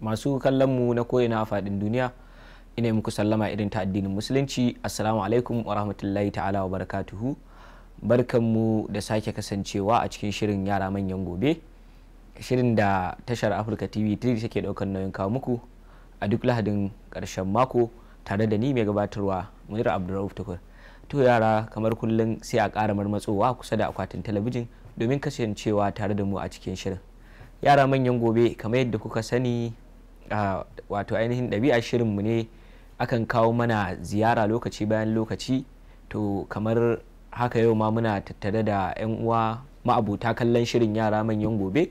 masu kallon mu na koyina a faɗin duniya ina muku sallama irin ta addinin musulunci assalamu alaikum wa rahmatullahi ta'ala wa barakatuhu barkanmu da sake kasancewa a cikin shirin yara manyan gobe shirin da tashar afirka tv 3 take daukar nauyin kawo muku a duk lahadin karshen mako tare da ni mai gabatarwa munir abdulrauf tukur to yara kamar kullum sai a ƙara marmatsowa kusa da akwatin talabijin domin kasancewa tare da mu a cikin shirin yara manyan gobe kamar yadda kuka sani wato ainihin ɗabi'a shirin mu ne akan kawo mana ziyara lokaci bayan lokaci to kamar haka yau ma muna tattare da 'yan uwa ma'abuta kallon shirin yara manyan gobe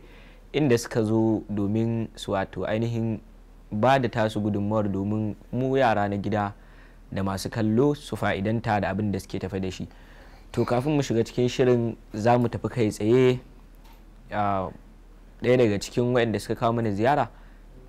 inda suka zo domin su wato ainihin ba da tasu gudunmawar domin mu yara na gida da masu kallo su fa'idanta da abin da suke tafi da shi to kafin mu shiga cikin shirin za mu tafi kai tsaye ɗaya daga cikin waɗanda suka kawo mana ziyara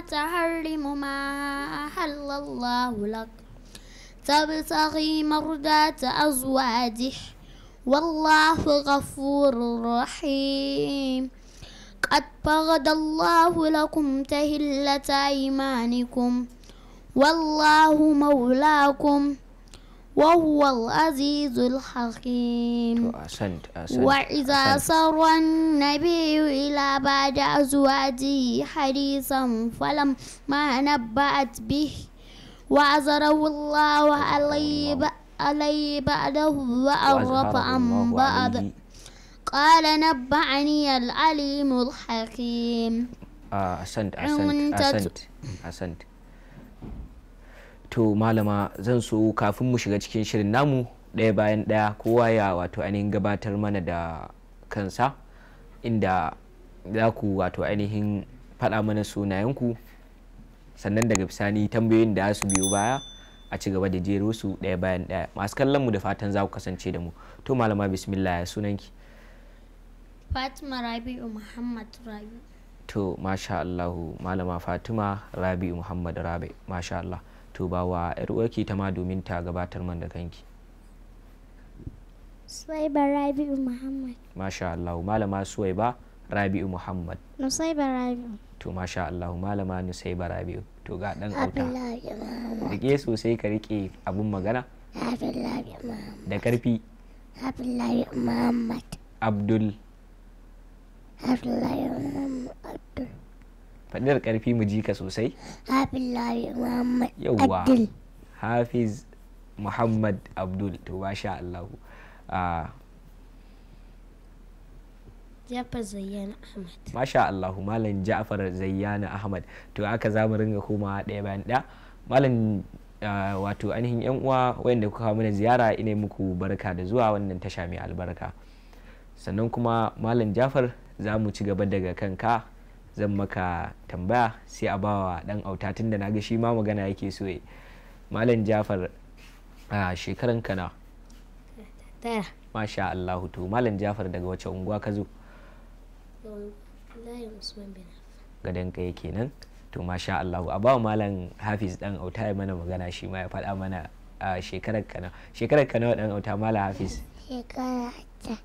تحرم ما أحل الله لك تبتغي مرضاة أزواجه والله غفور رحيم قد فرض الله لكم تهلة أيمانكم والله مولاكم وهو العزيز الحكيم أحسنت أحسنت وإذا سر النبي إلى بعد أزواجه حديثا ما نبأت به وعزره الله علي بعده وأرف عن بعض قال نبعني العليم الحكيم أحسنت آه، أحسنت أحسنت أحسنت to malama zan so kafin mu shiga cikin shirin namu ɗaya bayan ɗaya kowa ya wato ainihin gabatar mana da kansa inda za ku wato ainihin faɗa mana sunayenku sannan daga bisani tambayoyin da su biyo baya a ci gaba da jero su ɗaya bayan ɗaya masu kallon mu da fatan za ku kasance da mu to malama bismillah ya sunanki fatima rabi'u muhammad rabi'u to masha allahu malama fatima rabi'u muhammad rabi'u masha allah to ba wa yar uwarki ta ma domin ta gabatar man da kanki Suwaiba Rabi'u Muhammad Masha Allah malama Suwaiba Rabi'u Muhammad Nusaiba Rabi'u to masha Allah malama Nusaiba Rabi'u to ga dan auta rike sosai ka rike abun magana da karfi Abdullahi Muhammad Abdul Abdullahi Muhammad Abdul faɗi karfi ƙarfi mu ji ka sosai hafiz muhammad hafiz muhammad abdul to ba sha allahu ah. Jafar Zayyana Ahmad. Masha Allahu Malam Jafar Zayyana Ahmad. To aka za mu ringa komawa ɗaya bayan ɗaya. Malam ah, wato ainihin yan uwa wayanda kuka mana ziyara ina muku barka da zuwa wannan tasha mai albarka. Sannan kuma Malam Jafar za mu ci gaba daga kanka zan maka tambaya sai a bawa dan auta tun da naga shi ma magana yake so yi malam jafar a shekaran kana masha Allah to malam jafar daga wace unguwa ka zo gadanka yake nan to masha Allah a bawa malam hafiz dan auta ya mana magana shi ma ya faɗa mana a shekarar kana shekarar kana dan auta malam hafiz shekarar ka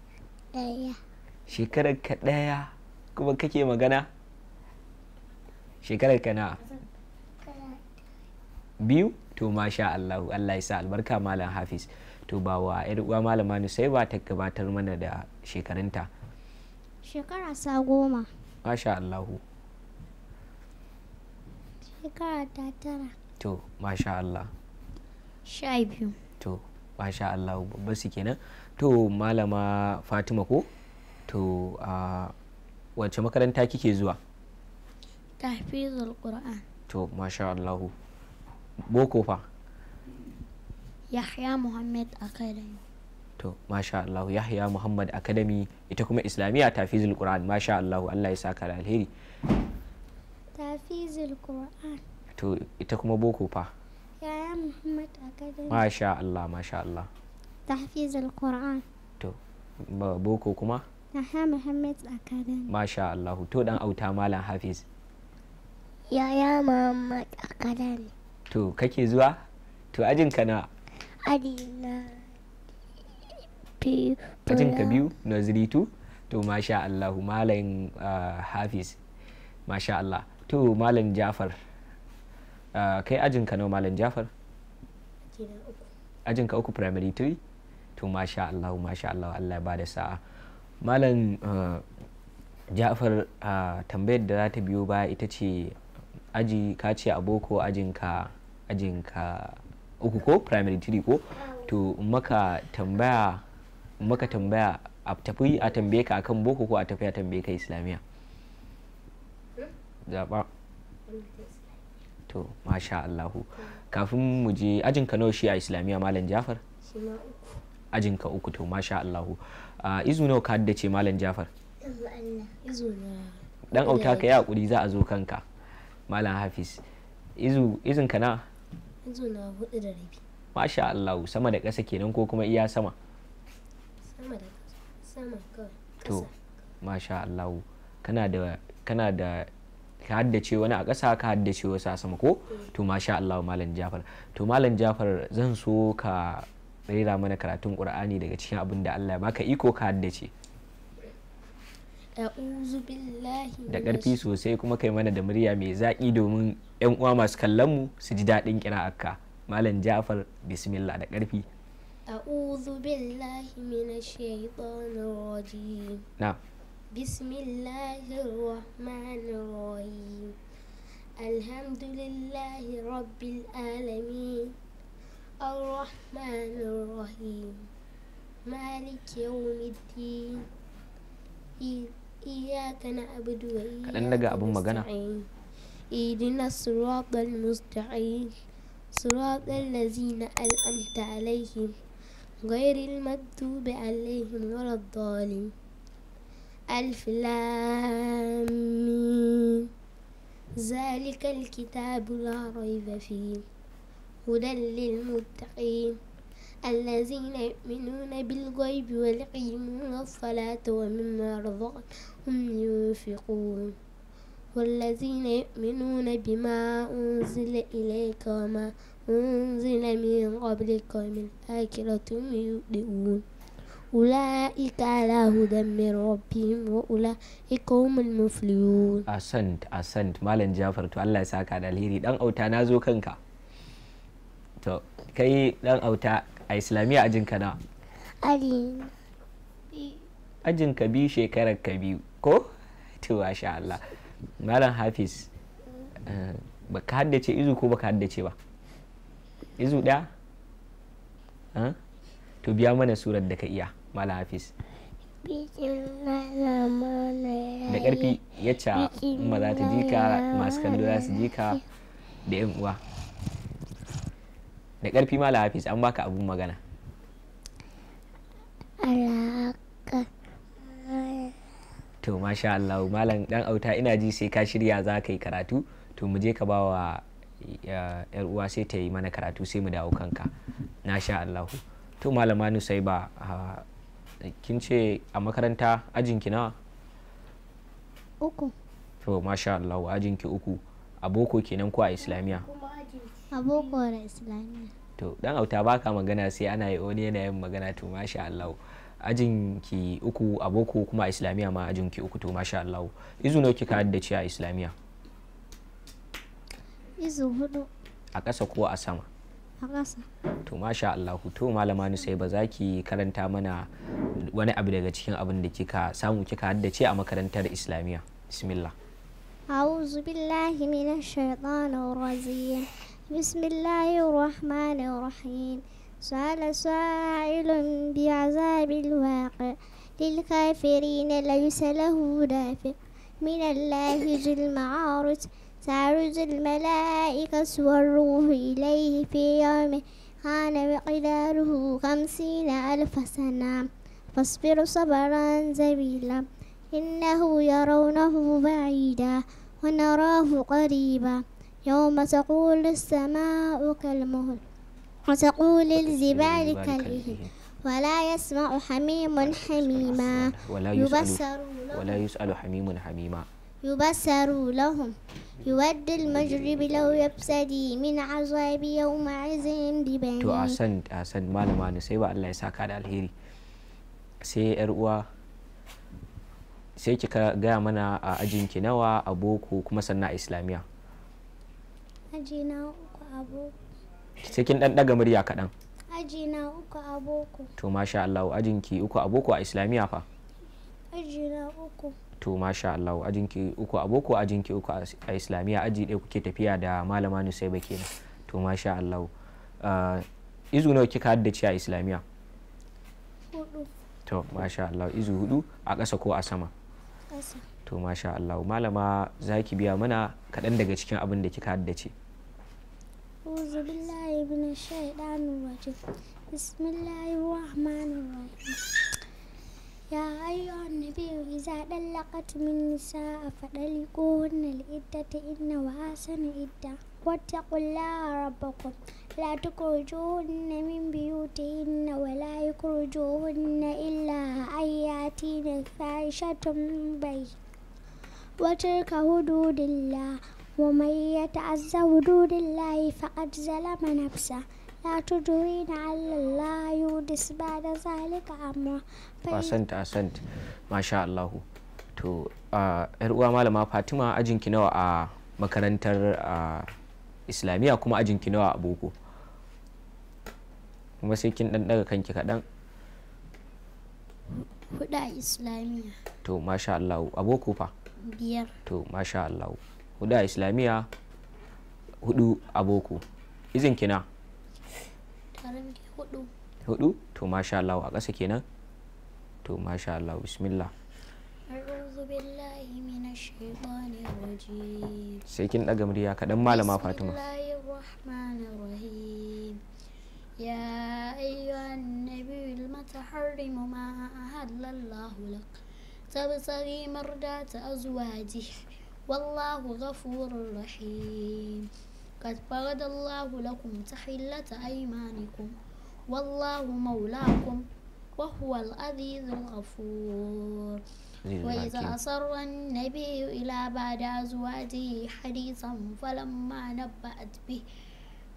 daya shekarar ka daya kuma kake magana shekarar ka biyu to masha Allah Allah ya sa albarka malam Hafiz to ba wa yar uwa malama ne sai ba ta gabatar mana da shekarunta shekara sa goma masha Allah shekara ta tara to masha Allah sha biyu to masha Allah babba su kenan to malama Fatima ko to a wace makaranta kike zuwa tahfizul qur'an to masha Allah boko fa yahya muhammad academy to masha Allah yahya muhammad academy ita kuma islamiyya tafizul qur'an masha Allah Allah ya saka da alheri tafizul qur'an to ita kuma boko fa yahya muhammad academy masha Allah masha Allah tafizul qur'an to boko kuma yahya muhammad academy masha Allah to dan auta malam hafiz yaya muhammad akada ne to kake zuwa to ajin ka na ajina biyu ajin ka biyu nursery two to masha Allah malam ah, hafiz masha Allah to malam jafar ah, kai ajin ka nawa malam jafar ajin ka uku primary three to masha Allah masha Allah Allah ya bada sa'a malam ah, jafar tambayar da za ta biyo ba ita ce aji ka ce a boko ajinka ajinka uku ko primary three ko to maka tambaya maka tambaya a tafi a tambaye ka akan boko ko a tafi a tambaye ka islamiya hmm? zaba to masha Allahu hmm. kafin mu je ajin ka nawa shi a islamiya malam Jafar ajin ka uku to masha Allahu izu nawa ka haddace malam Jafar dan auta ka yi hakuri za a zo kanka malam hafiz izu izin ka na izu na hudu da rabi masha Allah sama da ƙasa kenan ko kuma iya sama sama da sama kawai to masha Allah kana da kana da ka haddace wani a ƙasa ka haddace wasu a sama ko mm. to masha Allah malam Jafar to malam Jafar zan so ka rera mana karatun Qur'ani daga cikin abin da Allah ya baka iko ka haddace da ƙarfi sosai kuma kai mana da murya mai zaƙi domin 'yan uwa masu kallon mu su ji daɗin kira'arka malam jafar bismillah da ƙarfi a'udhu billahi minash shaitanir rajim na bismillahir rahmanir rahim alhamdulillahi rabbil alamin ar-rahmanir rahim مالك يوم إياك نعبد وإياك نستعين إهدنا الصراط المستقيم صراط الذين أنعمت عليهم غير المكتوب عليهم ولا الضالين ألف لام ذلك الكتاب لا ريب فيه هدى للمتقين الذين يؤمنون بالغيب ويقيمون الصلاة ومما رزقهم ينفقون والذين يؤمنون بما أنزل إليك وما أنزل من قبلك ومن الآخرة هم يؤمنون أولئك على هدى من ربهم وأولئك هم المفلحون أحسنت أحسنت مالا جعفر تو الله يسعدك على الهيري دان أوتا نازو كنكا to kai dan auta a islamiyya ajin ka nawa ajin ka biyu shekarar ka biyu ko to masha Allah malam hafiz eh, baka haddace izu ko baka haddace ba izu ɗaya to biya mana surar da ka iya malam hafiz da ƙarfi yacca maza ta jika masu kallo za su jika da yan uwa da karfi mala hafiz an baka abun magana to masha Allah malam dan auta ina ji sai ka shirya za ka yi karatu to mu je ka ba wa yar uwa sai ta yi mana karatu sai mu dawo kanka na sha Allah to malama sai ba kin ce a makaranta ajinki nawa uku to masha Allah ajinki uku a boko kenan ko a islamiya a da islamiyya to dan auta baka magana sai ana yi wani yana yin magana to masha Allah ajin ki uku aboko kuma islamiyya ma ajin ki uku to masha Allah izu nawa kika da ci a islamiyya izu hudu a ƙasa ko a sama a ƙasa to masha Allah to malama ni sai ba za ki karanta mana wani abu daga cikin abin da kika samu kika haddace a makarantar islamiyya bismillah أعوذ بالله من الشيطان الرجيم بسم الله الرحمن الرحيم سأل سائل بعذاب الواقع للكافرين ليس له دافع من الله ذي المعارج تعرج الملائكة والروح إليه في يوم كان مقداره خمسين ألف سنة فاصبر صبرا جميلا إنه يرونه بعيدا ونراه قريبا يوم تقول السماء كالمهل وتقول الجبال كالإهل ولا يسمع حميم حميما ولا يبصر ولا يسأل حميم حميما يبصر لهم يود المجرب لو يبتدي من عذاب يوم عزهم ببنيه تو ascend ascend ما لما نسيب الله يساك على الهيري da sai kika gaya mana a ajin ki nawa a boko kuma sannan a islamiya aji na uku a boko sai kin dan daga murya kaɗan aji na uku a boko to masha Allah ajin ki uku a boko a islamiya fa aji na uku to masha Allah ajin ki uku a boko ajin ki uku a islamiya aji ɗaya kuke tafiya da malama Nusaiba kenan to masha Allah uh, izu nawa kika haddace a islamiya hudu to masha Allah izu hudu a ƙasa ko a sama to masha Allah malama za ki biya mana kaɗan daga cikin abin da kika haddace uzubillahi bin shaidanu wajen bismillahi rahmanu rahim ya ayyo nabi iza dallaqat min nisaa fadali qul lil iddati inna wa asana idda wattaqullaha rabbakum لا تخرجوهن من بيوتهن ولا يخرجوهن إلا أن يأتين فاحشة بينة وتلك حدود الله ومن يتعز حدود الله فقد ظلم نفسه لا تدرين على الله يودس بعد ذلك أمره أحسنت أحسنت ما شاء الله to yar uwa malama fatima ajinki nawa a makarantar uh, islamiyya kuma ajinki nawa a boko kuma sai kin dan daga kanki kaɗan huda a islamiyya to masha Allah aboko fa biyar to masha Allah huda a islamiyya hudu aboko izin kina hudu hudu to masha Allah a ƙasa kenan to masha Allah bismillah sai kin ɗaga murya kaɗan malama fatima يا أيها النبي لم تحرم ما أهل الله لك تبتغي مرضات أزواجه والله غفور رحيم قد فرض الله لكم تحلة أيمانكم والله مولاكم وهو العزيز الغفور إيه، وإذا أصر النبي إلى بعد أزواجه حديثا فلما نبأت به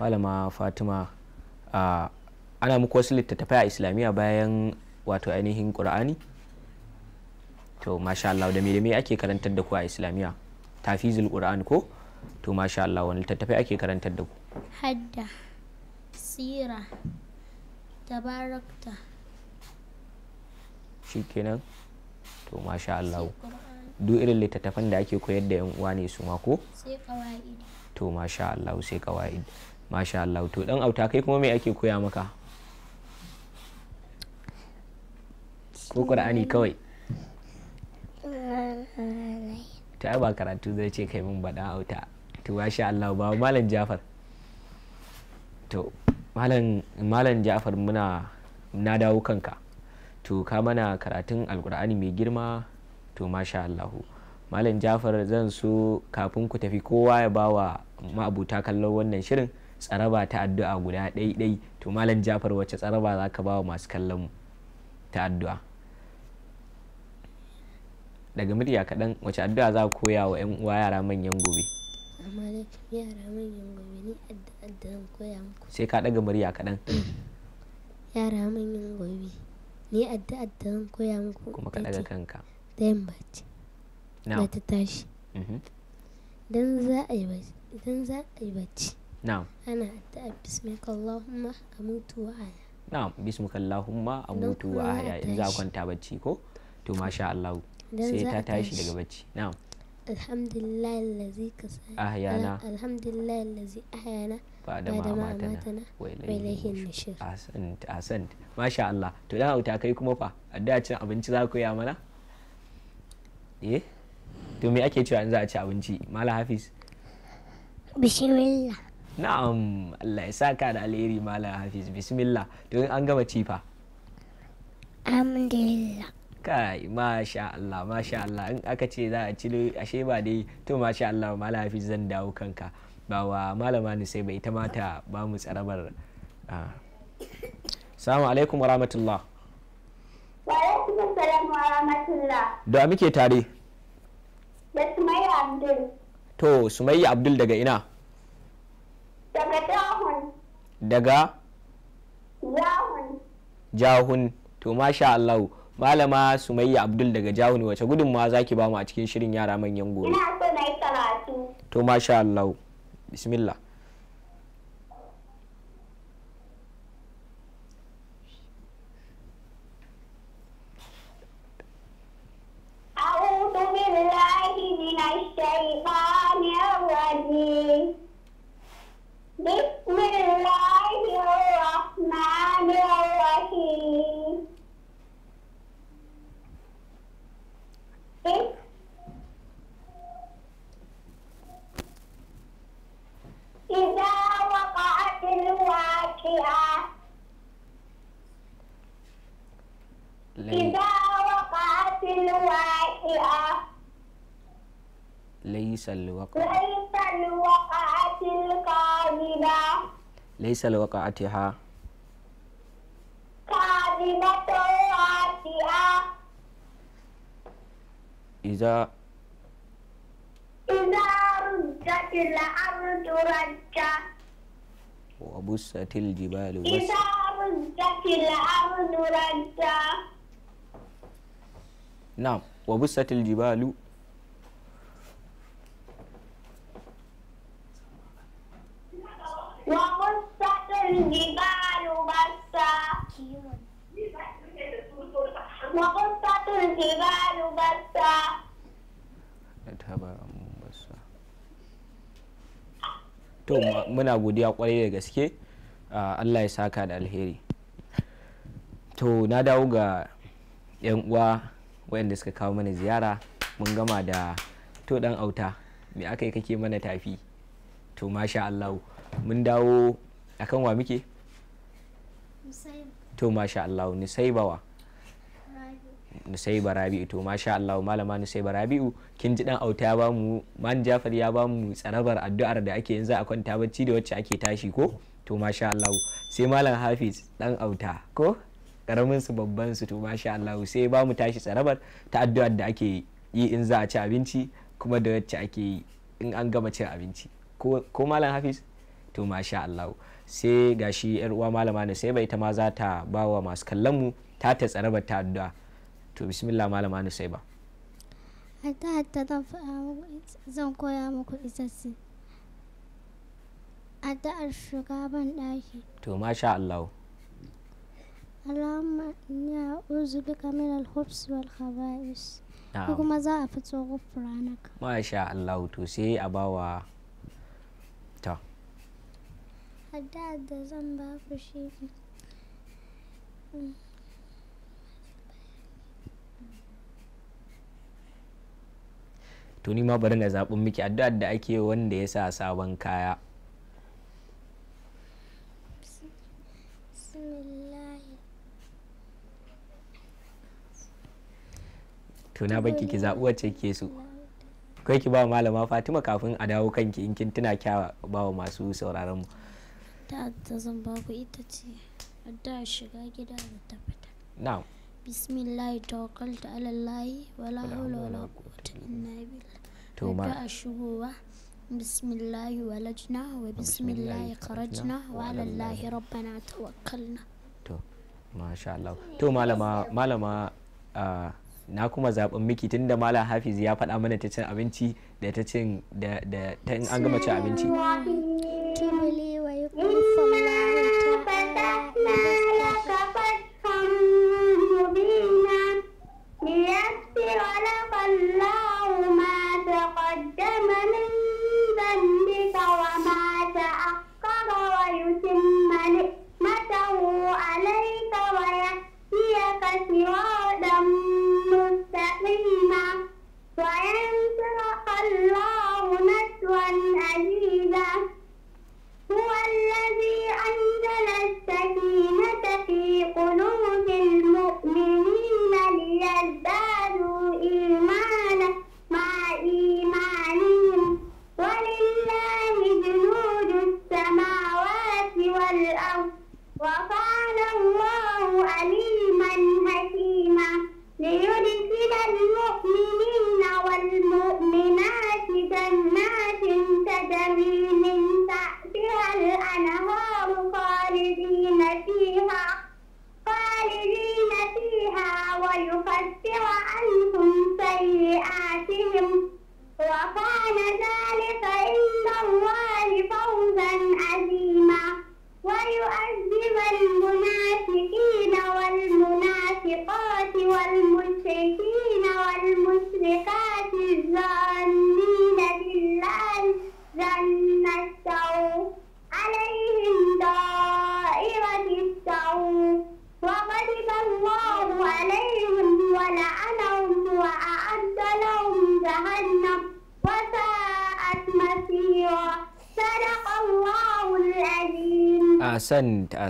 malama fatima ana muku wasu littattafai a islamiyya bayan wato ainihin qur'ani to masha Allah da me da me ake karantar da ku a islamiyya tafizul qur'an ko to masha Allah wani littattafai ake karantar da ku hadda sira tabarakta shikenan to masha Allah duk irin littattafan da ake koyar da yan uwa ne su ma ko sai qawaid to masha Allah sai qawaid masha Allah to dan auta kai kuma me ake koya maka ko qur'ani kawai ta ba karatu zai ce kai mun bada auta to masha Allah ba malam Jafar to malam malam Jafar muna na dawo kanka to ka mana karatun alkur'ani mai girma to masha Allahu malam jafar zan so kafin ku tafi kowa ya bawa abuta kallon wannan shirin tsaraba ta addu'a guda ɗai-ɗai to malam jafar wacce tsaraba za ka ba wa masu kallon ta addu'a daga murya kaɗan wacce addu'a za ka koya wa 'yan uwa yara manyan gobe yara manyan gobe ni koya muku sai ka ɗaga murya kaɗan yara manyan gobe ni addu'a da zan koya muku kuma ka ɗaga kanka da yin bacci da ta tashi mhm. idan za a yi bacci نعم أنا أدعى باسمك اللهم أموت وأحيا na'am bismika allahumma amutu wa ahya in za kwanta bacci ko to masha Allah sai ta tashi daga bacci na'am alhamdulillah allazi kasana ahyana alhamdulillah allazi ahyana ba'da ma amatana wa ilayhi nushur asant asant masha Allah to dan auta kai kuma fa adda cin abinci za ku ya mana eh to me ake cewa in za a ci abinci mala hafiz bismillah na'am Allah ya saka da alheri malam hafiz bismillah to an gama cifa alhamdulillah kai masha Allah masha Allah in aka ce za a cilo ashe ba dai to masha Allah malam hafiz zan dawo kanka ba wa malama ne sai bai ta mata ba mu tsarabar salamu alaikum wa rahmatullah wa alaikum wa rahmatullah da muke tare da Sumayya Abdul to Sumayya Abdul daga ina Daga jahun. Daga? Jahun. Jahun. To masha Allah. Malama Sumayya Abdul daga jahun wace gudunmawa za ki bamu a cikin shirin yara manyan gobe? Ina so na yi karatu. To masha Allah. Bismillah. misal waqa'atiha kalimatu waqi'a iza iza rujjatil ardu rajja wa busatil jibalu bas iza rujjatil ardu rajja na'am wa busatil jibalu muna godiya kwarai da gaske ah, Allah ya saka da alheri to na dawo ga 'yan uwa wayanda suka kawo mana ziyara mun gama da to dan auta me aka yi kake mana tafi to masha Allah mun dawo akan wa muke to masha Allah ni sai bawa nusai rabi'u to masha Allah malama nusai rabi'u kin ji dan auta ya bamu man jafar ya bamu tsarabar addu'ar da ake yanzu a kwanta bacci da wacce ake tashi ko to masha Allah sai malam hafiz dan auta ko karamin su babban su to masha Allah sai ba mu tashi tsarabar ta addu'ar da ake yi in za a ci abinci kuma da wacce ake yi in an gama cin abinci ko malam hafiz to masha Allah sai gashi yar uwa malama ne sai bai ta ma za ta bawa masu kallon mu ta ta tsarabar ta addu'a to bismillah malama ni sai ba hatta hatta zan faɗa muku zan koya muku isassi addu'ar shiga ban ɗaki to masha Allah اللهم إني أعوذ بك من الخبث والخبائث ko kuma za a fito gufranaka masha Allah to sai a bawa ta hadda da zan ba ku shi to ni ma bari na zaɓin miki addu'ar da ake wanda ya sa sabon kaya tuna baki ki zaɓi wacce ke so kai ki ba malama fatima kafin a dawo kanki in kin tuna kyawa ba wa masu sauraron mu da zan ba ita ce addu'ar shiga gida da ta bismillahi tawakkaltu ala allahi wala hawla wala quwwata illa billah to ma shigowa bismillahi walajna wa bismillahi kharajna wa ala allahi rabbana tawakkalna to malama na kuma zaɓin miki tun da malam hafiz ya fada mana ta cin abinci da ta cin da ta in an gama cin abinci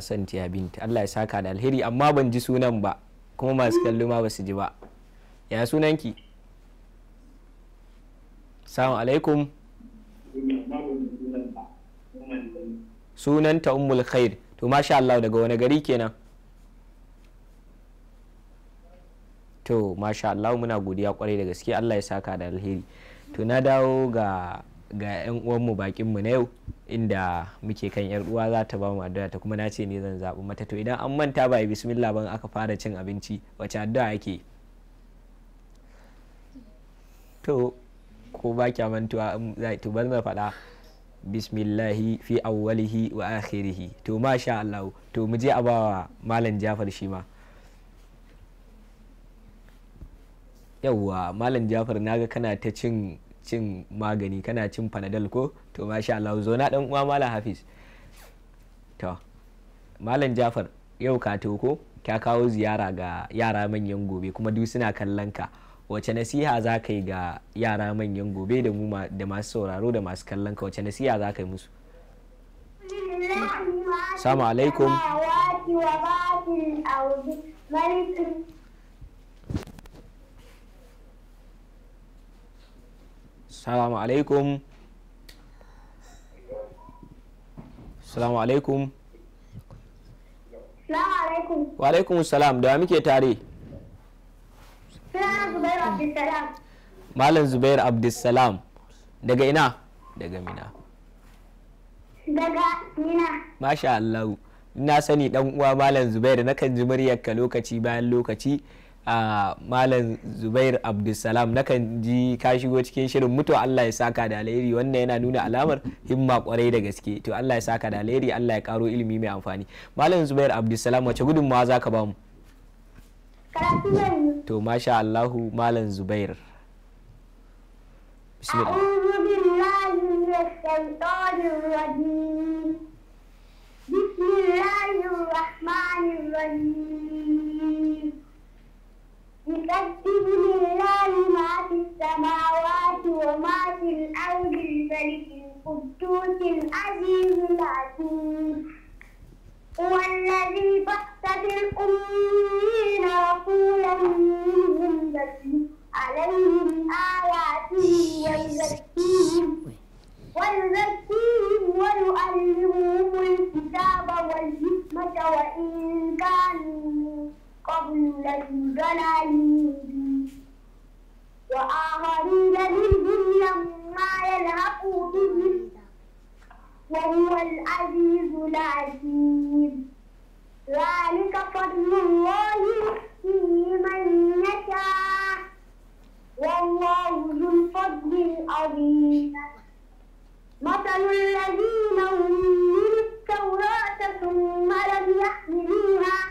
son tiya binta Allah ya saka da alheri amma ban ji sunan ba kuma masu kallo ma basu ji ba ya sunanki salamu alaikum sunanta ummul khair to masha Allah daga wani gari kenan to masha Allah muna godiya kwarai da gaske Allah ya saka da alheri to na dawo ga ga 'yan uwanmu mu na yau inda muke kan 'yar uwa za ta ba mu addu'a ta kuma na ce ne zan zabi mata to idan an manta ba bismillah ban aka fara cin abinci wace addu'a ake to ko ba kya mantuwa um, to ban na faɗa bismillahi fi awwalihi wa akhirihi to masha Allah to mu je a bawa malam Jafar shi ma yawwa malam Jafar naga kana ta cin cin magani kana cin panadol ko to masha Allah zo na dan uwa malam hafiz to malam jafar yau ka ko ka kawo ziyara ga yara manyan gobe kuma duk suna kallon ka wace nasiha za ka yi ga yara manyan gobe da mu da masu sauraro da masu kallon ka wace nasiha za ka yi musu salamu alaikum salamu alaikum salamu alaikum wa alaikum salam da muke tare malam zubair abdulsalam daga ina daga mina daga mina masha allahu ina sani dan uwa malam zubair kan ji muryarka lokaci bayan lokaci a malam zubair abdulsalam nakan ji ka shigo cikin shirin mutuwa allah ya saka da alheri wannan yana nuna alamar himma kwarai da gaske to allah ya saka da alheri allah ya karo ilimi mai amfani malam zubair abdulsalam wace gudunmawa za ka ba mu to masha allahu malam zubair بسم يكذب لله ما في السماوات وما في الأرض الملك القدوس العزيز العزيز هو الذي بعث بالأمين رسولا منهم يتلو عليهم آياته ويزكيهم ويزكيهم ويعلمهم الكتاب والحكمة وإن كانوا قبل الجلال وآخرين منهم لما يلحقوا بهم وهو العزيز العزيز ذلك فضل الله فيه من يشاء والله ذو الفضل العظيم مثل الذين هم من التوراة ثم لم يحملوها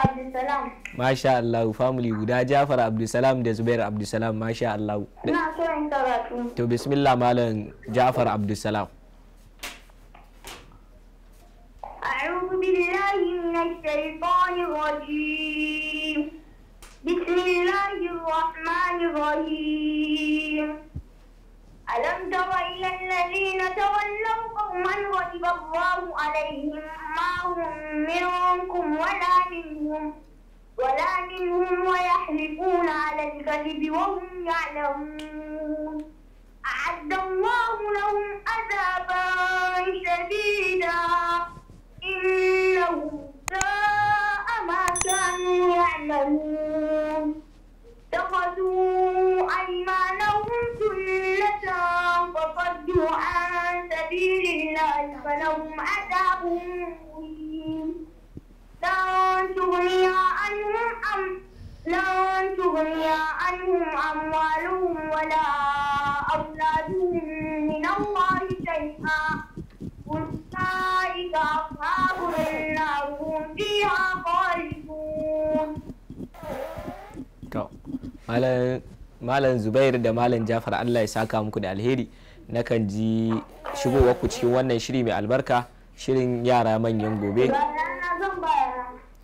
Abdulsalam. Masha Allah, family guda Jafar Abdulsalam da Zubair Abdulsalam, Masha Allah. Ina so in karatu. To bismillah malam Jafar Abdulsalam. أعوذ بالله من الشيطان الرجيم بسم الله الرحمن الرحيم ألم تر إلى الذين تولوا قوما غضب الله عليهم ما هم منكم ولا منهم ولا منهم ويحلفون على الكذب وهم يعلمون أعد الله لهم عذابا شديدا إنه ساء ما كانوا يعلمون اتخذوا أيمانهم سنة فصدوا عن سبيل الله فلهم عذاب مهين لن تغني عنهم أم لن تغني عنهم أموالهم ولا أولادهم من الله شيئا malam zubair da malam jafar allah ya saka muku da alheri nakan ji shigowar ku cikin wannan shiri mai albarka shirin yara manyan gobe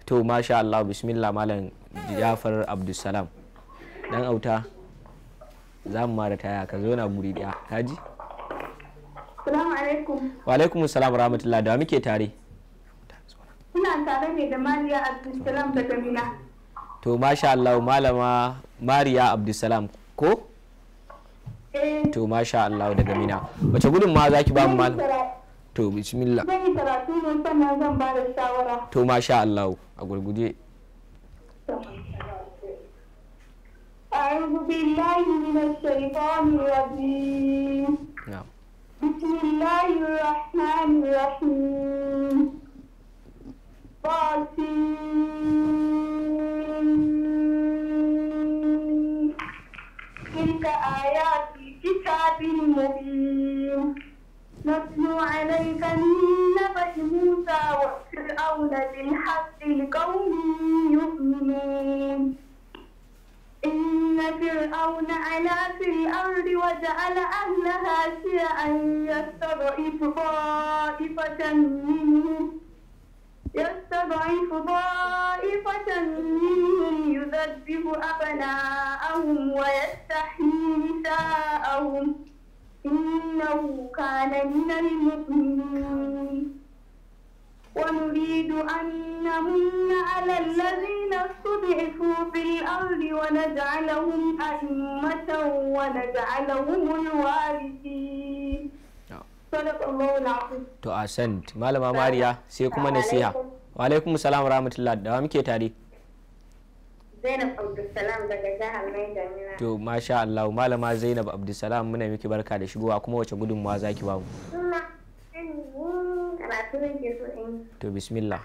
to masha allah bismillah malam jafar abdulsalam dan auta za mu mara taya ka zo na guri daya kaji wa alaikum salam rahmatullah da muke tare ina tare ne da mariya abdulsalam daga mina to masha Allah malama mariya abdulsalam ko eh. to masha Allah daga mina wace gudun ma za ki ba mu malam to bismillah zan yi karatu ne sannan zan ba da shawara to masha Allah a gurguje أعوذ بالله من الشيطان الرجيم نعم بسم الله الرحمن الرحيم طاسين تلك آيات كتاب مبين نتلو عليك من نبأ موسى وفرعون بالحق لقوم يؤمنون إن فرعون علا في الأرض وجعل أهلها شيعا يستضعف طائفة منهم يستضعف طائفة منهم يذبح أبناءهم ويستحيي نساءهم إنه كان من المؤمنين ونريد أن نمن على الذين استضعفوا في الأرض ونجعلهم أئمة ونجعلهم الوارثين to a sant malama mariya sai kuma nasiha wa alaikum salam rahmatullah da wa muke tare Zainab Abdulsalam daga jihar Maidamina. To masha Allah malama Zainab Abdulsalam muna miki barka da shigowa kuma wace gudunmawa zaki ba mu? To bismillah.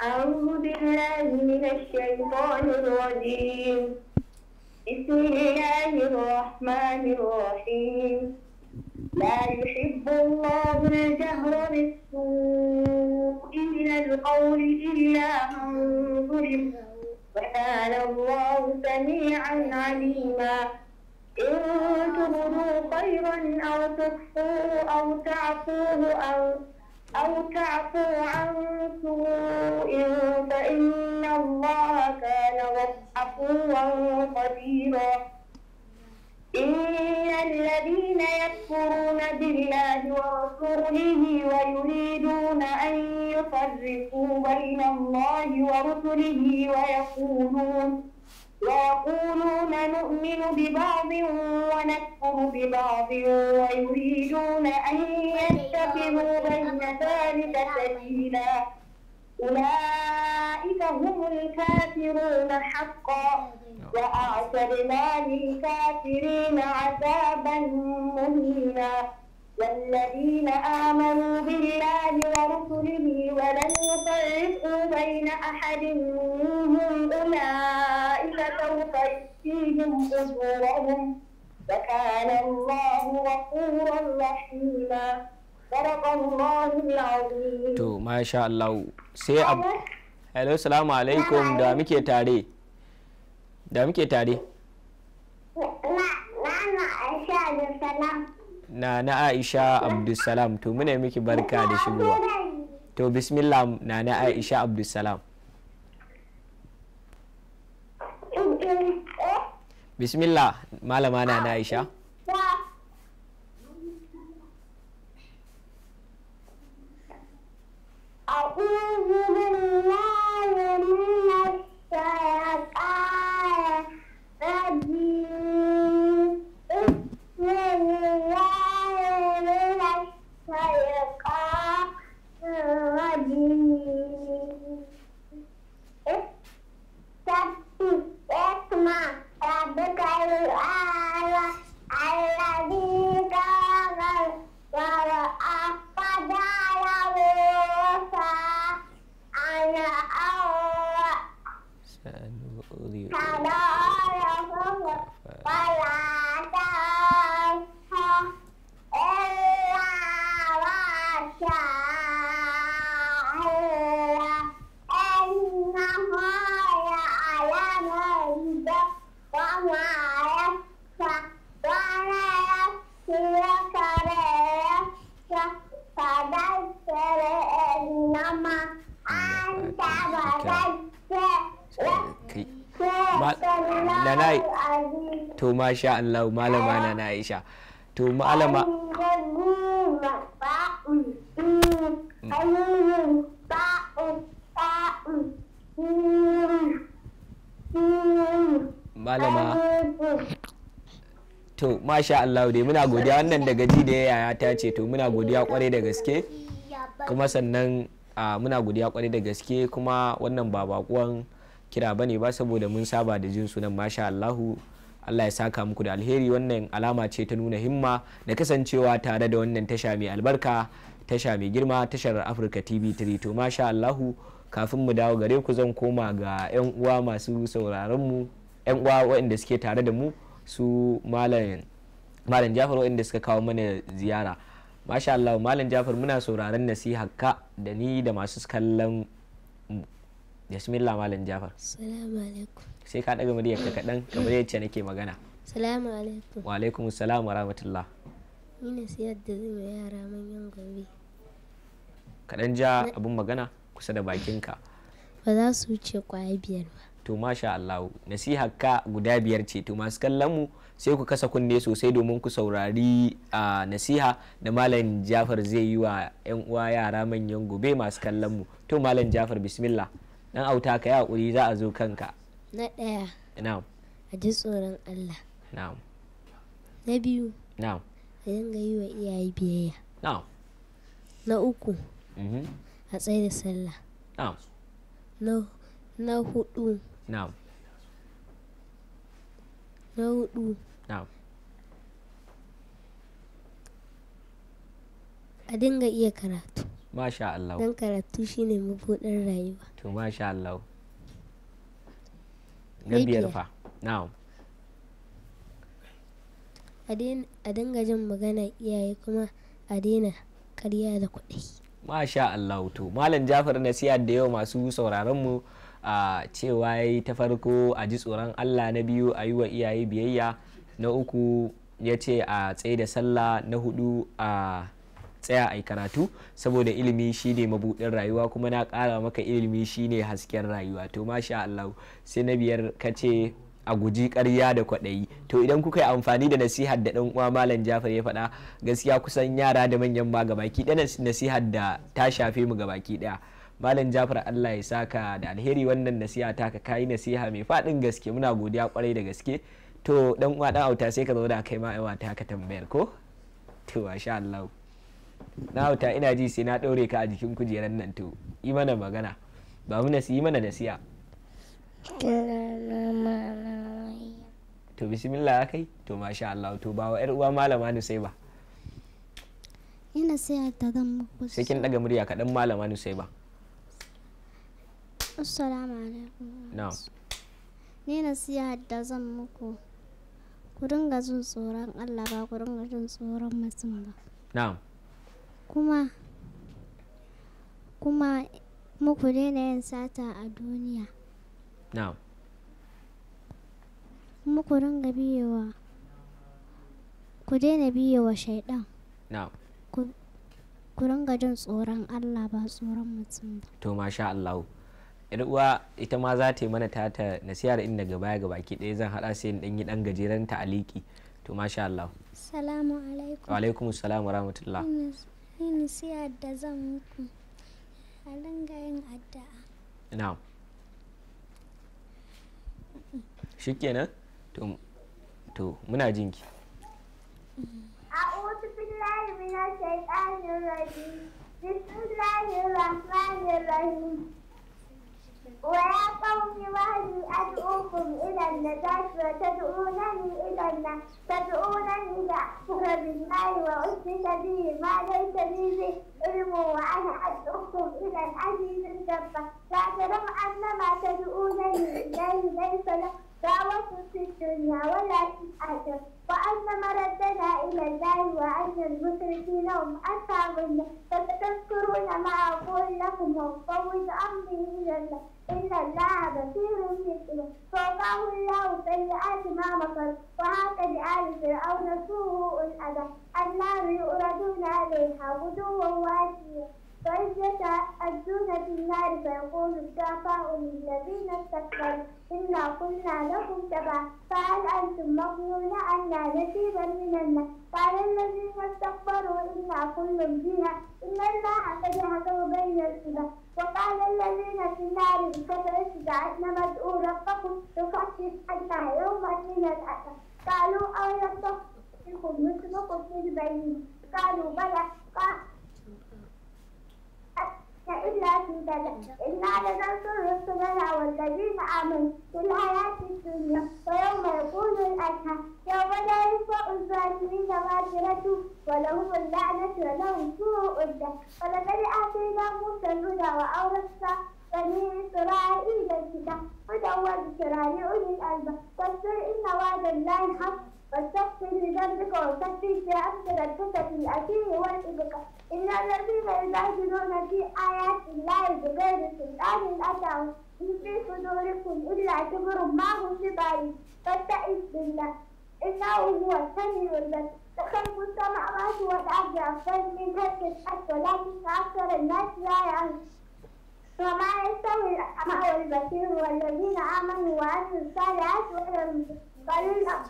أعوذ بالله من الشيطان الرجيم بسم الله الرحمن الرحيم لا يحب الله الجهر بالسوء من القول إلا من ظلم وكان الله سميعا عليما إن تبدوا خيرا أو تخفوه أو تعفوه أو أو تعفو عن سوء فإن الله كان عفوا قديرا إن الذين يكفرون بالله ورسوله ويريدون أن يفرقوا بين الله ورسله ويقولون ويقولون نؤمن ببعض ونكفر ببعض ويريدون أن يتخذوا بين ذلك سبيلا أولئك فهم الكافرون حقا وأعتدنا للكافرين عذابا مهينا والذين آمنوا بالله ورسله ولن يفرقوا بين أحد منهم أولئك سوف يؤتيهم أجورهم وكان الله غفورا رحيما صدق الله العظيم. تو ما شاء الله سي hello salamu alaikum da muke tare da muke tare na na aisha abdulsalam to muna miki barka da shigowa to bismillah na na aisha abdulsalam bismillah malama na na aisha Oh, masha Allah malama na Aisha to malama malama to masha Allah dai muna godiya wannan da gaji da yaya ta ce to muna godiya kwarai da gaske kuma sannan muna godiya kwarai da gaske kuma wannan ba bakuwan kira bane ba saboda mun saba da jin sunan masha Allahu Allah ya saka muku da alheri wannan alama ce ta nuna himma da kasancewa tare da wannan tasha mai albarka tasha mai girma tashar Afirka TV 3 to masha Allahu kafin mu dawo gare ku zan koma ga 'yan uwa masu sauraron mu 'yan uwa waɗanda suke tare da mu su malam malam Jafar waɗanda suka kawo mana ziyara masha Allah malam Jafar muna sauraron nasiha ka da ni da masu kallon bismillah malam Jafar assalamu alaikum sai ka daga muryar ka kaɗan kamar yadda nake magana salamu alaikum wa alaikum salam wa rahmatullah ni ne siyar da zai wa yara manyan gobe kaɗan ja abin magana kusa da bakinka ba za su wuce kwaya biyar ba to masha Allah nasiha ka guda biyar ce to masu kallon mu sai ku kasa kunne sosai domin ku saurari a nasiha da malam Jafar zai yi wa yan uwa yara manyan gobe masu kallon mu to malam Jafar bismillah dan auta ka yi hakuri za a zo kanka Na ɗaya. Na'am. A ji tsoron Allah. Na'am. Na biyu. Na'am. A dinga yi wa iyaye biyayya. Na'am. Na uku. Mm-hmm. A tsaye da sallah. Na'am. Na na hudu. Na'am. Na hudu. Na'am. A dinga iya karatu. Masha Allah. Dan karatu shine mabuɗin rayuwa. To masha Allah. na biyar fa a dinga jin magana iyaye kuma a daina karya da kuɗi masha Allah to malam Jafar nasiha da yau masu sauraron mu a cewa yayi ta farko a ji tsoron Allah na biyu a yi wa iyaye biyayya na uku ya ce a tsaye da sallah na hudu a tsaya a karatu saboda ilimi shine mabudin rayuwa kuma na kara maka ilimi shine hasken rayuwa to masha Allah sai na biyar kace a guji karya da kwaɗayi to idan kuka yi amfani da nasihar da ɗan uwa malam jafar ya faɗa gaskiya kusan yara da manyan ma gabaki ɗaya nasihar da ta shafe mu gabaki ɗaya malam jafar allah ya saka da alheri wannan nasiha ta ka kayi nasiha mai faɗin gaske muna godiya kwarai da gaske to ɗan uwa ɗan auta sai ka zauna kai ma'aiwa ta ka tambayar ko to masha Allah na hauta ina ji sai na ɗaure ka a jikin kujerar nan to yi mana magana ba mu nasi yi mana nasiya to bismillah ya kai to masha Allah to ba wa yar uwa malama ni sai ba ina sai ta zan muku sai kin daga murya kaɗan malama ni sai ba assalamu alaikum na'am ni siya da zan muku ku dinga jin tsoron Allah ba ku dinga jin tsoron mutum ba na'am kuma kuma muku daina yin sata a duniya na'am muku ringa biyewa ku daina biyewa shaidan na'am ku ringa jin tsoron Allah ba tsoron mutum ba to masha Allah yar uwa ita ma za ta yi mana ta ta nasiha da inda gaba ga baki ɗaya zan haɗa sai dan yi ɗan gajeren ta aliki to masha Allah salamu alaikum wa alaikum salamu rahmatullah ni nasiha da zan muku a dinga yin addu'a na'am shikenan to to muna jinki أعوذ بالله من الشيطان الرجيم بسم الله الرحمن ويا قوم وهلي أدعوكم إلى النجاة وتدعونني إلى النار تدعونني لأكفر بالله وأشرك به ما ليس لي به علم وأنا أدعوكم إلى العزيز الجبار لا تروا أن ما تدعونني إليه ليس له دعوة في الدنيا ولا في والآخرة وأن مردنا إلى الله وأن المشركين هم أصحاب النار فتذكرون ما أقول لكم وأفوض أمري إلى الله إن الله بصير مثله فوقاه الله سيئات ما مكر وهكذا آل فرعون سوء الأذى النار يؤردون عليها غدوا وعشيا فإذ يتأجون في النار فيقول الشعفاء للذين استكبروا إنا قلنا لكم تبعا فهل أنتم مغنون لا نصيبا من النار قال الذين استكبروا إنا كل فيها إن الله قد حكم بين الكبا وقال الذين في النار بكثرة جعلنا مدعو ربكم تخفف حتى يوم من الأسى قالوا أولم تخفف مثلكم في البيت قالوا بلى قال إلا إن إنا لننصر رسلنا والذين آمنوا في الحياة الدنيا ويوم يقول الأشهى يوم لا ينفع الظالمين باكرته ولهم اللعنة ولهم سوء الدهر ولقد آتينا موسى الهدى وأورثنا بني إسرائيل الكتاب هدى وذكرى لأولي الألباب واذكر إن وعد الله حق اللي واستغفر لذنبك وسبح أكثر ربك بالأكيد والإبكة إن الذين يجادلون في آيات الله بغير سلطان أتاهم إن في صدوركم إلا كبر ما هم ببعيد فاستعذ بالله إنه هو السميع البصير تخلق السماوات والأرض أفضل من خلق الأرض لا أكثر الناس لا يعني وما يستوي الأعمى والبصير والذين آمنوا وعملوا الصالحات ولا قليلا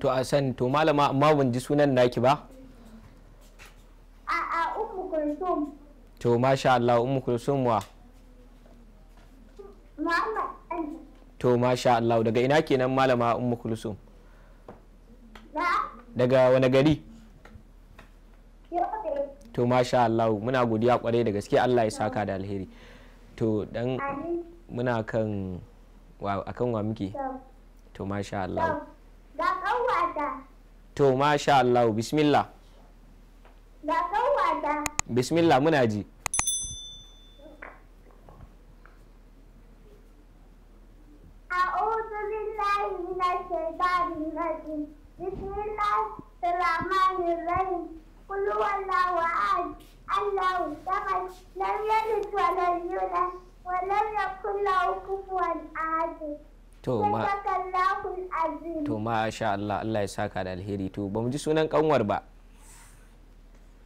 to a san to malama amma ban ji sunan naki ba a'a ummu kulsum to masha Allah ummu kulsum wa Muhammad to masha Allah daga ina kenan malama ummu kulsum daga wani gari to masha Allah muna godiya kwarai da gaske Allah ya saka da alheri to dan muna kan wa akan wa muke to masha Allah ga kanwata to masha Allah bismillah ga kanwata bismillah muna ji a'udhu billahi minash shaitanir rajim bismillah rahmanir rahim قل هو الله أحد الله الصمد لم يلد ولم يولد to ma to ma sha Allah Allah ya saka da alheri to ba mu ji sunan kanwar ba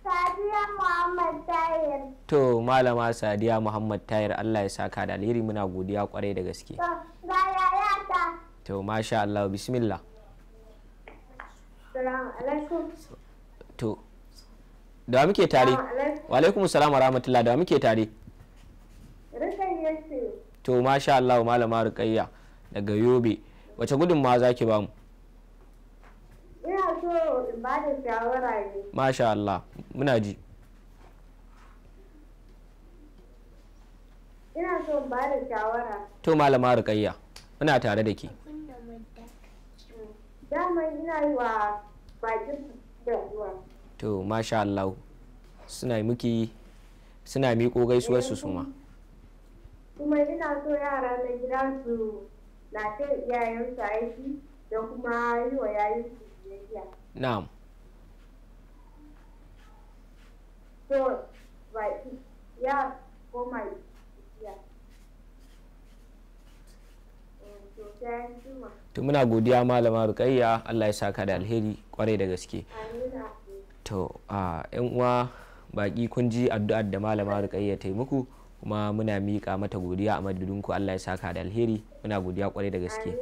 Sadiya Muhammad Tayir. to malama Sadiya Muhammad Tayir Allah ya saka da alheri muna godiya kwarai da gaske ga ta. to ma sha Allah bismillah Assalamu alaikum to da muke tare wa alaikum assalam wa rahmatullah da muke tare to masha Allah malama rukayya daga yobe wace gudunmawa za ki bamu ina so in ba da shawara ne masha Allah muna ji ina so in ba da shawara to malama rukayya muna tare da ke dama ina yi wa bakin da ruwa to masha Allah suna miki suna miƙo gaisuwar su suma kuma ina so yara na gida su na ta su aiki da kuma yi wa yayin su biyayya na'am so right ya koma yi biyayya. Eh, to muna godiya malama Rukayya Allah ya saka da alheri kwarai da gaske. To a ah, yan uwa baƙi kun ji addu'ar da malama Rukayya ta yi muku. kuma muna miƙa mata godiya a madadinku Allah ya saka da alheri muna godiya kwarai da gaske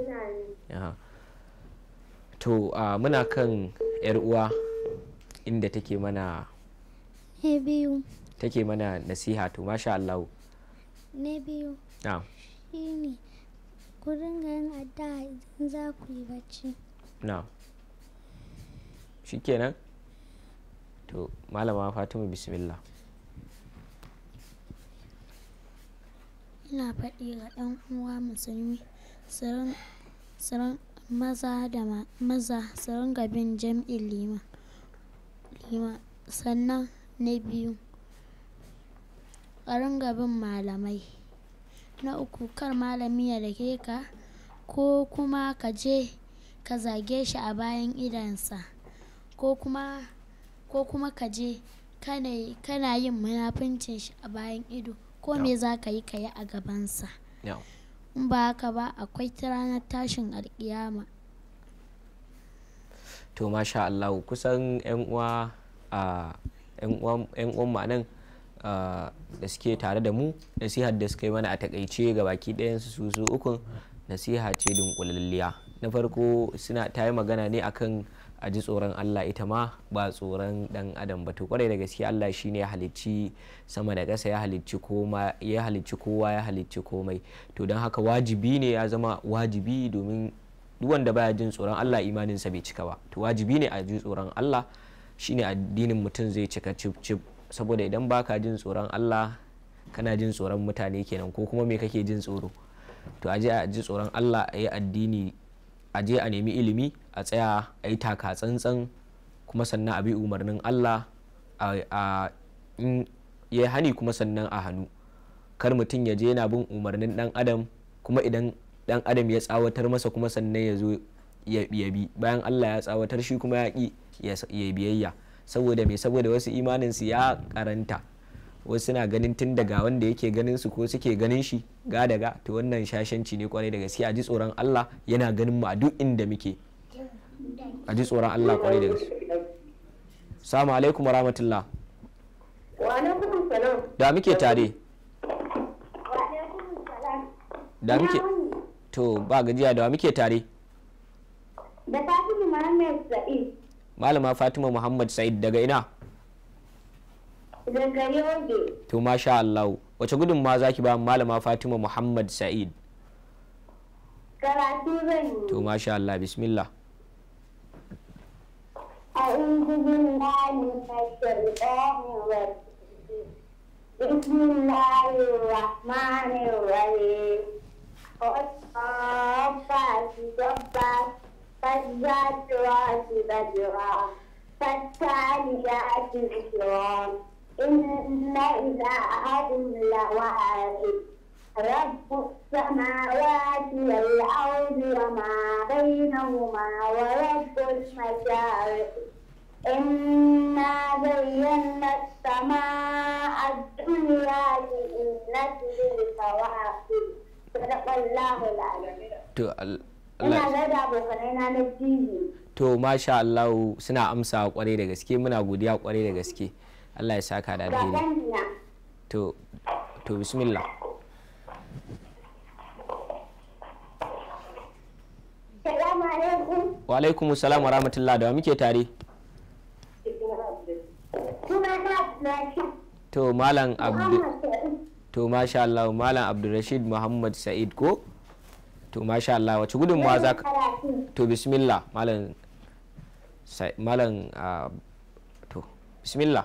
to muna kan yar uwa inda take mana biyu take mana nasiha to masha Allah ne biyu ah. shine ku dinga yin addu'a idan za ku yi bacci na shikenan to malama fatima bismillah ina faɗi ga ɗan uwa musulmi maza da maza su ringa bin jam'in lima sannan na biyu a gabin bin malamai na uku kar malami ya dake ka ko kuma ka je ka zage shi a bayan idonsa ko kuma ka je kana yin munafincin shi a bayan ido ko me za ka yi ka yi a gabansa in ba haka ba akwai ta ranar tashin alkiyama to masha Allah kusan 'yan uwa a nan da suke tare da mu nasihar da suka yi mana a takaice ga baki ɗayansu su su ukun nasiha ce dunkulalliya na farko suna ta yi magana ne akan a ji tsoron Allah ita ma ba tsoron dan adam ba to kwarai da gaske Allah shine ya halicci sama da ƙasa ya halicci koma ya halicci kowa ya halicci komai to don haka wajibi ne ya zama wajibi domin duk wanda baya jin tsoron Allah imanin sa bai cika ba to wajibi ne a ji tsoron Allah shine addinin mutum zai cika cip cip saboda idan baka jin tsoron Allah kana jin tsoron mutane kenan ko kuma me kake jin tsoro to a a ji tsoron Allah a yi addini a je a nemi ilimi a tsaya a yi taka tsantsan kuma sannan a bi umarnin allah a ya hani kuma sannan a hannu kar mutum ya je yana bin umarnin dan adam kuma idan dan adam ya tsawatar masa kuma sannan ya zo ya bi bayan allah ya tsawatar shi kuma ya ki ya biyayya saboda me saboda wasu imaninsu ya karanta wasu suna ganin tun daga wanda yake ganin su ko suke ganin shi ga daga to wannan shashanci ne kwarai da gaske a ji tsoron Allah yana ganin mu a duk inda muke a ji tsoron Allah kwarai da gaske Assalamu alaikum wa rahmatullah wa alaikum salam da muke tare da muke to ba gajiya da muke tare da Fatima Muhammad Sa'id malama Fatima Muhammad Sa'id daga ina to masha Allah wace gudunmawa zaki ba malama Fatima Muhammad Sa'id karatu zan yi to masha Allah bismillah أعوذ بالله من الشيطان الرجيم بسم الله الرحمن الرحيم فالتاليات ذكرا إنا إذا أهدنا وعائد رب السماوات والأرض وما بينهما ورب المشارق إنا زينا السماء الدنيا لإنة للكواكب صدق الله العظيم to masha Allah suna amsa kwarai da gaske muna godiya kwarai da gaske Allah ya saka da alheri to to bismillah wa alaikum salam wa rahmatullah da wa muke tare to malam abdu to masha Allah malam abdurrashid muhammad sa'id ko to masha Allah wace gudunmawa za ka to bismillah malam malam ah, to bismillah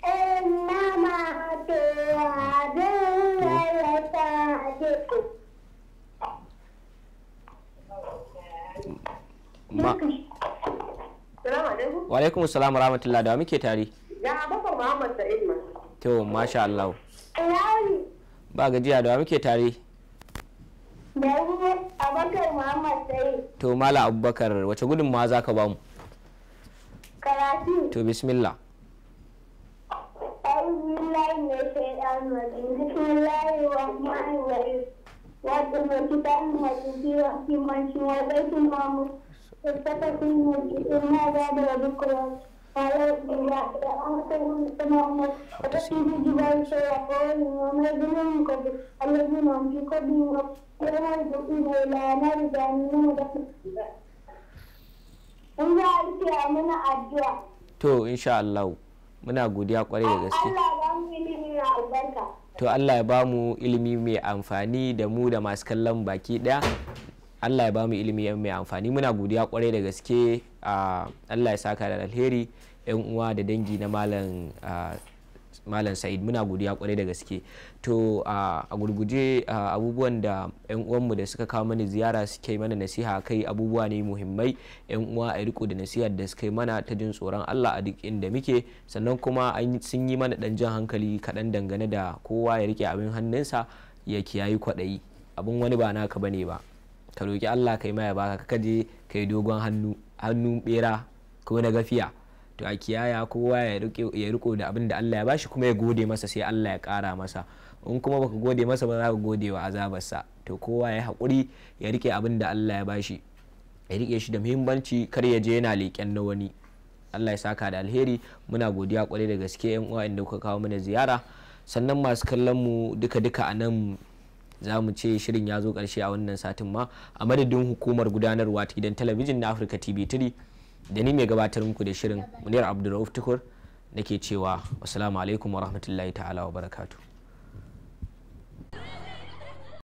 ma wa alaikum salam rahmatullah da muke tare ya baba muhammad sa'id ma to masha Allah ba gajiya da muke tare abubakar muhammad sa'id to mala abubakar wace gudunmawa zaka bamu karatu to bismillah أعوذ بالله من الشيطان الرجيم بسم الله الرحمن الرحيم وأتم الكتاب الحكيم في وقت منشي والبيت المعمور والسقف المسجد إما باب وذكرى قال رب الله أمرتهم السماء وتسجد الجبال شياطين وما بينهم قبل الذين هم في قبل ولا يدخلون إلى نار جهنم دخلا إن ذلك من الدعاء تو إن شاء الله muna godiya kwarai da gaske to Allah ya bamu ilimi mai amfani da mu da masu kallon baki daya Allah ya bamu ilimi mai amfani muna godiya kwarai da gaske ah, Allah ya saka da alheri yan uwa da dangi na malam ah, malam sa'id muna godiya kwarai da gaske to a gurguje abubuwan da yan uwanmu da suka kawo mana ziyara suke mana nasiha kai abubuwa ne muhimmai yan uwa a riko da nasiha da suka mana ta jin tsoron Allah a duk inda muke sannan kuma sun yi mana dan jan hankali kaɗan dangane da kowa ya rike abin hannunsa ya kiyayi kwaɗayi abin wani ba naka bane ba ka roki Allah kai ma ya baka ka je kai dogon hannu hannun bera ko na gafiya to a kiyaya kowa ya riko da abin da Allah ya bashi kuma ya gode masa sai Allah ya kara masa in kuma baka gode masa ba za ka gode wa azabarsa to kowa ya hakuri ya rike abin da Allah ya bashi ya rike shi da muhimmanci kar ya je yana leƙen na wani Allah ya saka da alheri muna godiya kwarai da gaske yan uwa inda kuka kawo mana ziyara sannan masu kallon mu duka duka a nan za mu ce shirin ya zo karshe a wannan satin ma a madadin hukumar gudanarwa ta gidan talabijin na Africa TV 3 da ni mai gabatar muku da shirin muniyar abdulrauf tukur ke cewa assalamu alaikum wa rahmatullahi ta'ala wa barakatuh